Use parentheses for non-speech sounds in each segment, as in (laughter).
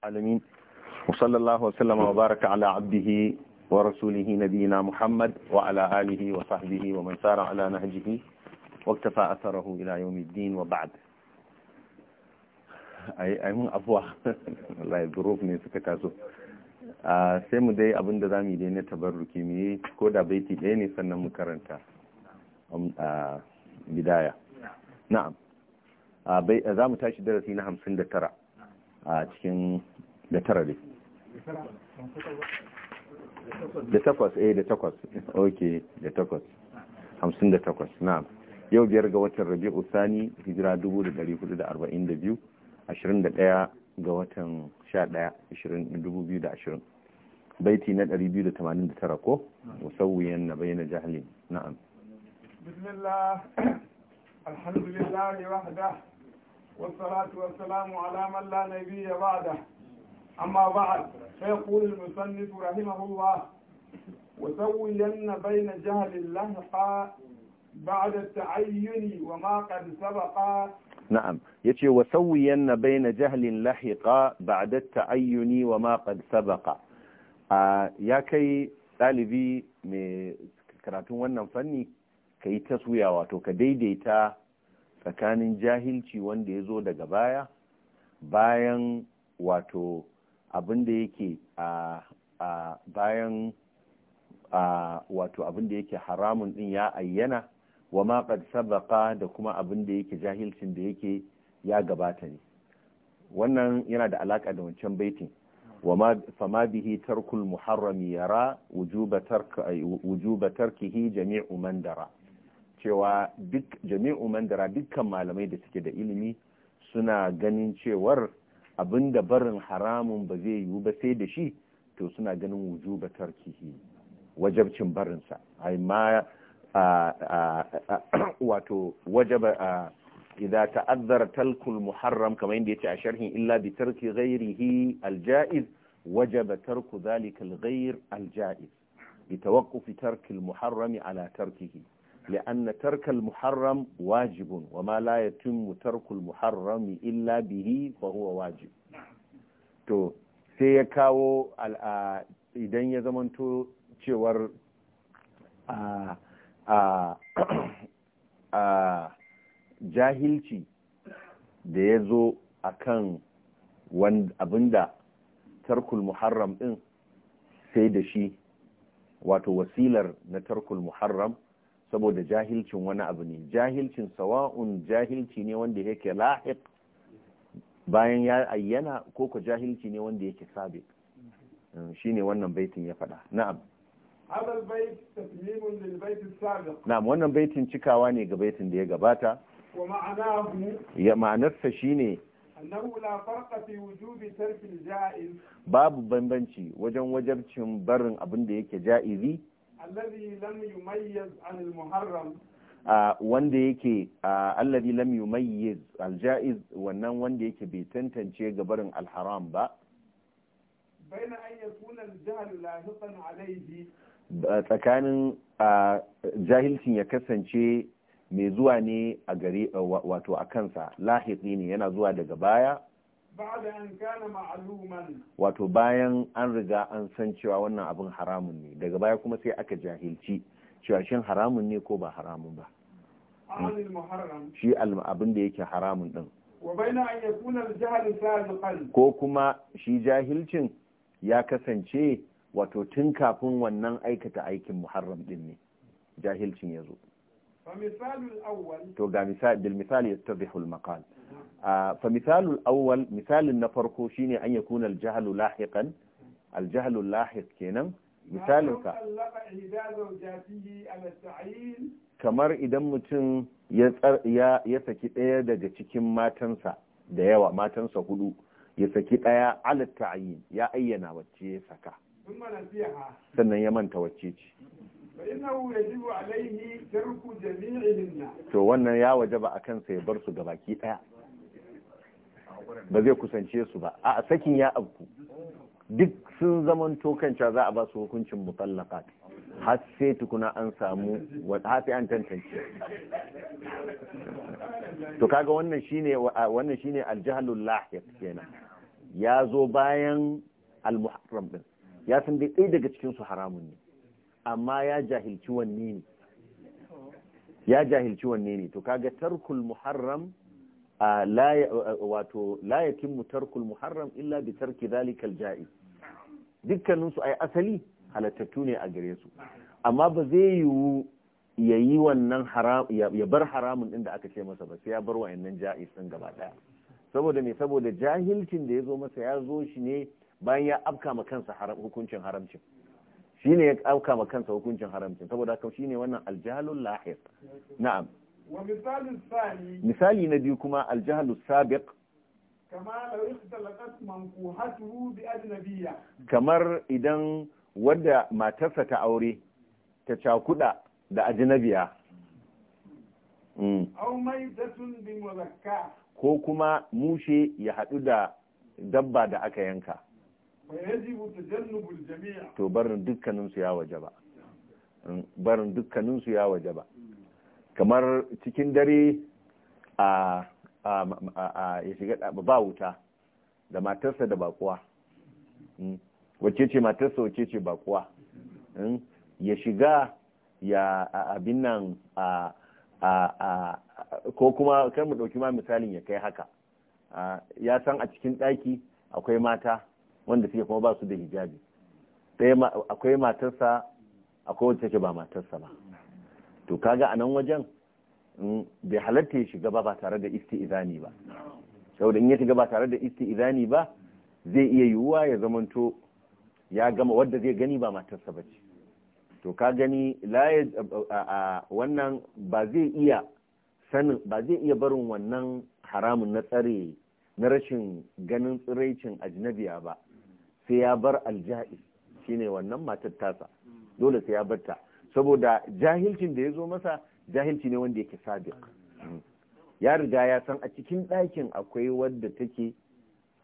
العالمين وصلى الله وسلم وبارك على عبده ورسوله نبينا محمد وعلى آله وصحبه ومن سار على نهجه واكتفى أثره إلى يوم الدين وبعد أي أي من أبوا (laughs) الله يضروف من سكاكاسو آه، سيمو دي أبن دامي دين تبركي مي كودا بيتي ديني سنة مكرنتا آه، بداية نعم أبي آه، أزامو تاشي درسي نهم سندترا a cikin da tara da takwas eh da takwas ok da takwas hamsin da takwas na yau biyar ga watan rabi usani hijira 1442 21 ga watan 11 2020 baiti na 289 ko musawiyan na bayyana jahilin na'am bismillah alhamdulillah ne wahda والصلاة والسلام على من لا نبي بعده أما بعد فيقول المصنف رحمه الله وسوين بين جهل اللحق بعد التعين وما قد سبق نعم يتي وسوين بين جهل لحق بعد التعين وما قد سبق ya kai ɗalibi mai karatun wannan fanni ka yi taswiya wato ka daidaita tsakanin jahilci wanda ya zo daga baya bayan wato abin da yake a bayan wato abin yake haramun din ya ayyana wa ma qad sabaqa da kuma abin da yake jahilcin da yake ya gabata ne wannan yana da alaka da wancan baitin فما به ترك المحرم يرى وجوب, ترك وجوب تركه جميع من درى cewa duk jami'u mandara dukkan malamai da suke da ilimi suna ganin cewar abinda barin haramun ba zai yiwu ba sai da shi to suna ganin wujuba tarkihi wajabcin barinsa amma (coughs) wato wajaba idan ta'azzara talkul muharram kamar yadda yace a sharhin illa bi tarki ghairihi aljaiz wajaba tarku zalika alghayr aljaiz bi tawaqquf tarki almuharram ala tarkihi لأن muharram wajibin wa وما لا tarkul ترك illa إلا به فهو to sai ya kawo idan ya zamanto cewar jahilci da ya zo a kan abinda tarkul muharram din sai da shi wato wasilar na tarkul muharram saboda jahilcin wani abu ne jahilcin sawa'un jahilci ne wanda yake lahiq bayan ya ayyana ko ko jahilci ne wanda yake sabiq mm, shine wannan baitin ya faɗa na'am hadal bait taslimun lil bait as-sabiq na'am wannan baitin cikawa ne ga baitin da ya gabata wa ma'anahu ya ma'anarsa shine annahu la farqa fi wujubi tarki al-ja'iz babu bambanci wajen wajabcin barin abin da yake ja'izi A wanda yake alladhi lam yumayyiz aljaiz wannan wanda yake bai tantance gabarin alharam ba baina an yakuna aljahl lahiqan alayhi tsakanin jahilcin ya kasance mai zuwa ne a gare wato a kansa lahiqi ne yana zuwa daga baya wato bayan an riga an san cewa wannan abin haramun ne daga baya kuma sai aka jahilci cewa shi haramun ne ko ba haramun ba shi abin da yake haramun din ko kuma shi jahilcin ya kasance wato tun kafin wannan aikata aikin muharram din ne jahilcin ya zo to ga bil misali yattadhihu al maqal mhm. ah, fa misalul awwal misalin na farko shine an yakuna al lahiq kenan misalin ka kamar idan mutum ya saki ɗaya daga cikin matansa da yawa matansa hudu ya saki ɗaya alatayi ya ayyana wacce ya saka sannan ya manta wacce ce to wannan ya waje ba a kansa ya bar su ga baki ɗaya ba zai kusance su ba a sakin ya abku duk sun zaman tokanta za a ba su hukuncin mutallaka har sai tukuna an samu har an tantance to kaga wannan shine wannan shine aljahalul lahiq kenan ya zo bayan almuharram din ya san dai daga cikin su haramun ne amma ya jahilci wanne ne ya jahilci wanne ne to kaga tarkul muharram wato la mu tarkul muharram illa bi tarki zalika Ja'i. dukkanin su ai asali halattu ne a gare su amma ba zai yiwu ya wannan haram ya bar haramun din da aka ce masa ba sai ya bar wayannan Ja'i sun gaba daya saboda me saboda jahilcin da ya zo masa ya zo shi ne bayan ya afka ma kansa hukuncin haramcin shine ya auka ma kansa hukuncin haramcin saboda haka shine wannan aljahalul lahiq na'am wa misalu thani misali na biyu kuma aljahalus sabiq kamar idan wadda matarsa ta aure ta cakuda da ajnabiya mm. ko kuma mushe ya hadu da dabba da aka yanka to barin dukkaninsu ya waje ba barin dukkaninsu ya waje ba kamar cikin dare a ya shiga ba wuta da matarsa da bakuwa hmm. wacce ce matarsa wacce ce bakuwa hmm. ya shiga ya abin nan a ko kuma kar mu ɗauki ma misalin ya kai haka ya san a cikin ɗaki akwai mata wanda suke kuma ba su da hijabi akwai matarsa akwai wacce take ba matarsa ba to kaga a nan wajen mm, bai halatta ya shiga ba ba tare da isti'izani ba saboda in ya shiga ba tare da isti'izani ba zai iya yiwuwa ya zamanto ya gama wadda zai gani ba matarsa ba ce to ka gani wannan ba zai iya sanin ba zai iya barin wannan haramun na tsare na rashin ganin tsiraicin ajnabiya ba sai ya bar alja'i shine wannan matar tasa dole sai ya barta saboda jahilcin da ya zo masa jahilci ne wanda yake sabiq ya riga ya san a cikin ɗakin akwai wadda take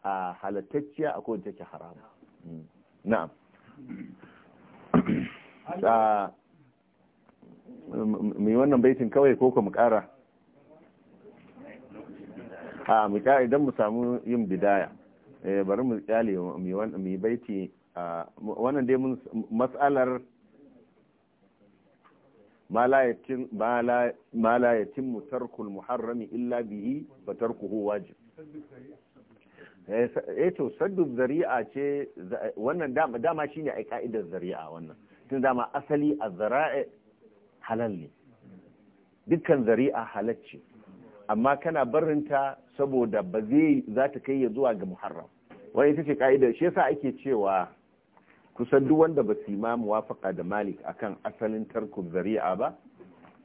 a halattacciya akwai wadda take haramu na'am mai wannan baitin kawai ko kuma ƙara a idan mu samu yin bidaya Eh, bari mu kyale mu baiti wannan dai mun matsalar ma la muharrami illa bihi fa tarkuhu wajib eh, eh to saddu zari'a ce wannan dama shine ai ka'idar zari'a wannan tun dama asali a halal ne dukkan zari'a halacce amma kana barinta saboda ba zai za ta kai ya zuwa ga muharram wani ita ce ka'idar shi yasa ake cewa kusan duk wanda ba su ma muwafaka da malik akan asalin tarkub zari'a ba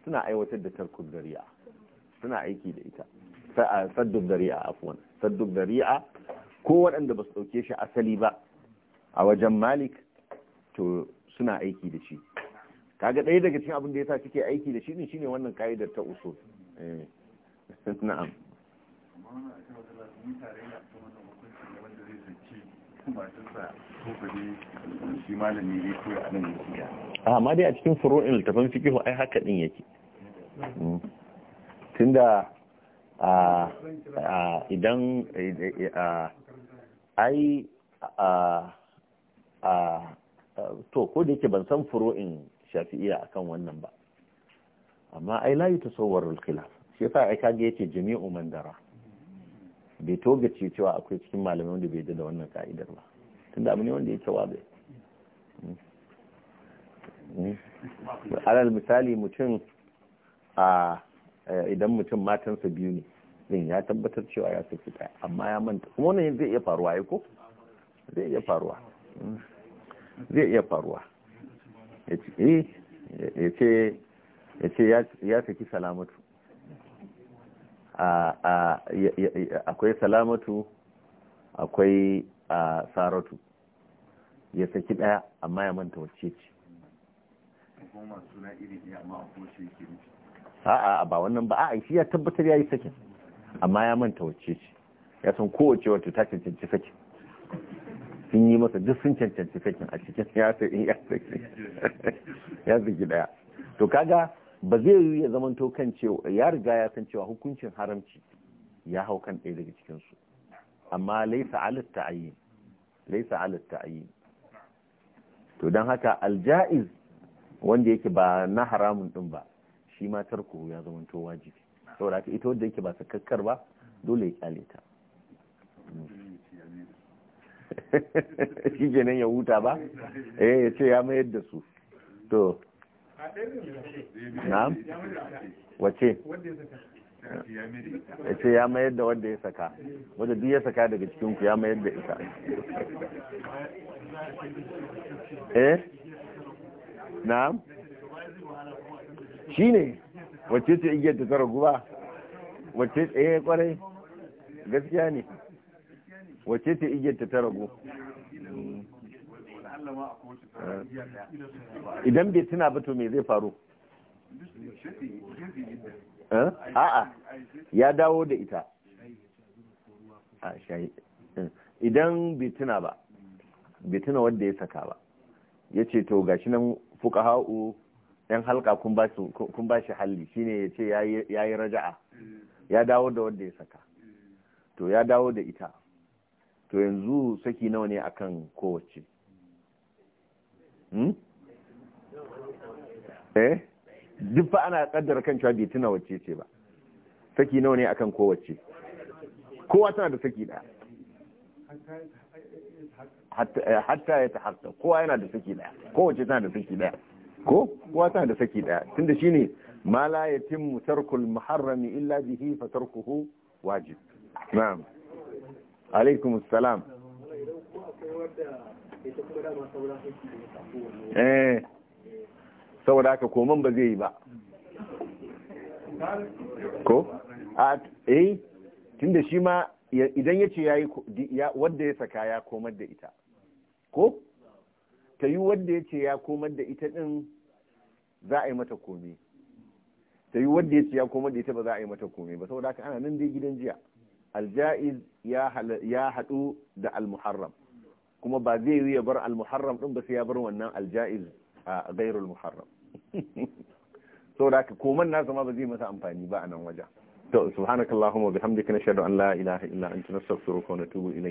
suna aiwatar da tarkub zari'a suna aiki da ita saddub zari'a afwan saddub zari'a ko waɗanda ba su ɗauke shi asali ba a wajen malik to suna aiki da shi kaga ɗaya daga cikin abin da yasa suke aiki da shi ne shine wannan ka'idar ta usul eh. (laughs) na'am Ah, amma dai a cikin furu'in littafin fikihu ai haka din yake hmm. tunda a idan a ai a a to ko da yake ban san furu'in shafi'iyya akan wannan ba amma ai la yutasawwarul khilaf shi yasa ai kage yake jami'u mandara bai togace cewa akwai cikin malamai wanda bai yadda da wannan ka'idar ba tunda abu ne wanda ya yake wabe alal misali mutum a idan mutum matansa biyu ne din ya tabbatar cewa ya saki ɗaya amma ya manta kuma wannan zai iya faruwa ya ko zai iya faruwa zai iya faruwa ya ce eh, ya saki salamatu akwai salamatu akwai saratu ya saki ɗaya amma ya manta wacce ce a'a ba wannan ba a'a shi ya tabbatar ya yi sakin amma ya manta wacce ce ya san kowace wacce ta cancanci sakin sun yi masa duk sun cancanci sakin a cikin ya saki ya saki ɗaya to kaga ba zai yi ya zamanto kan cewa ya riga ya san cewa hukuncin haramci ya hau kan ɗaya daga cikinsu amma laisa alat ta'ayyin laisa alat ta'ayyin to don haka aljaiz wanda yake ba na haramun din ba shi ma tarko ya to wajibi saboda haka ita wanda yake ba sakakkar ba dole ya kyale ta (laughs) shi nan ya huta ba eh ya ce ya mayar da su to na'am wace ya ce ya mayar da wadda ya saka wadda duk ya saka daga cikinku ya mayar da ita eh na'am shi ne wacce ce igiyar da tsara guba wacce eh kwarai gaskiya ne wacce ce igiyar ta tsara guba Eh. idan bai tuna ba to me zai faru eh? a'a ya dawo da ita eh. idan bai tuna ba bai tuna wanda ya saka ba ya ce to gashi nan fuka ha'u yan halka kun ba shi halli shine ya ce ya yi raja'a ya dawo da wanda ya saka to ya dawo da ita to yanzu saki nawa ne akan kowace Hmm? eh duk fa ana kaddara kan cewa bai tuna wacce ce ba saki nawa ne akan kowace kowa tana da saki daya eh, hatta ya tahaqqa kowa yana da saki daya kowace tana da saki daya ko kowa tana da saki daya tunda shine ma la yatimmu tarkul muharrami illa bihi fa tarkuhu wajib na'am alaikum assalam eh saboda haka koman ba zai yi ba ko a eh tunda shi ma idan ya ce ya wadda ya saka ya komar da ita ko ta yi wadda ya ce ya komar da ita din za a yi mata komi ta yi wadda ya ce ya komar da ita ba za a yi mata komi ba saboda haka ana nan dai gidan jiya alja'iz ya haɗu da almuharram kuma ba zai yi ya bar al-muharram din ba sai ya bar wannan al-ja'iz a ghairul muharram (laughs) da ka koman nasa ma ba zai masa amfani ba a nan wajen to subhanakallahumma bihamdika nashhadu an la ilaha illa anta nastaghfiruka wa natubu ilayk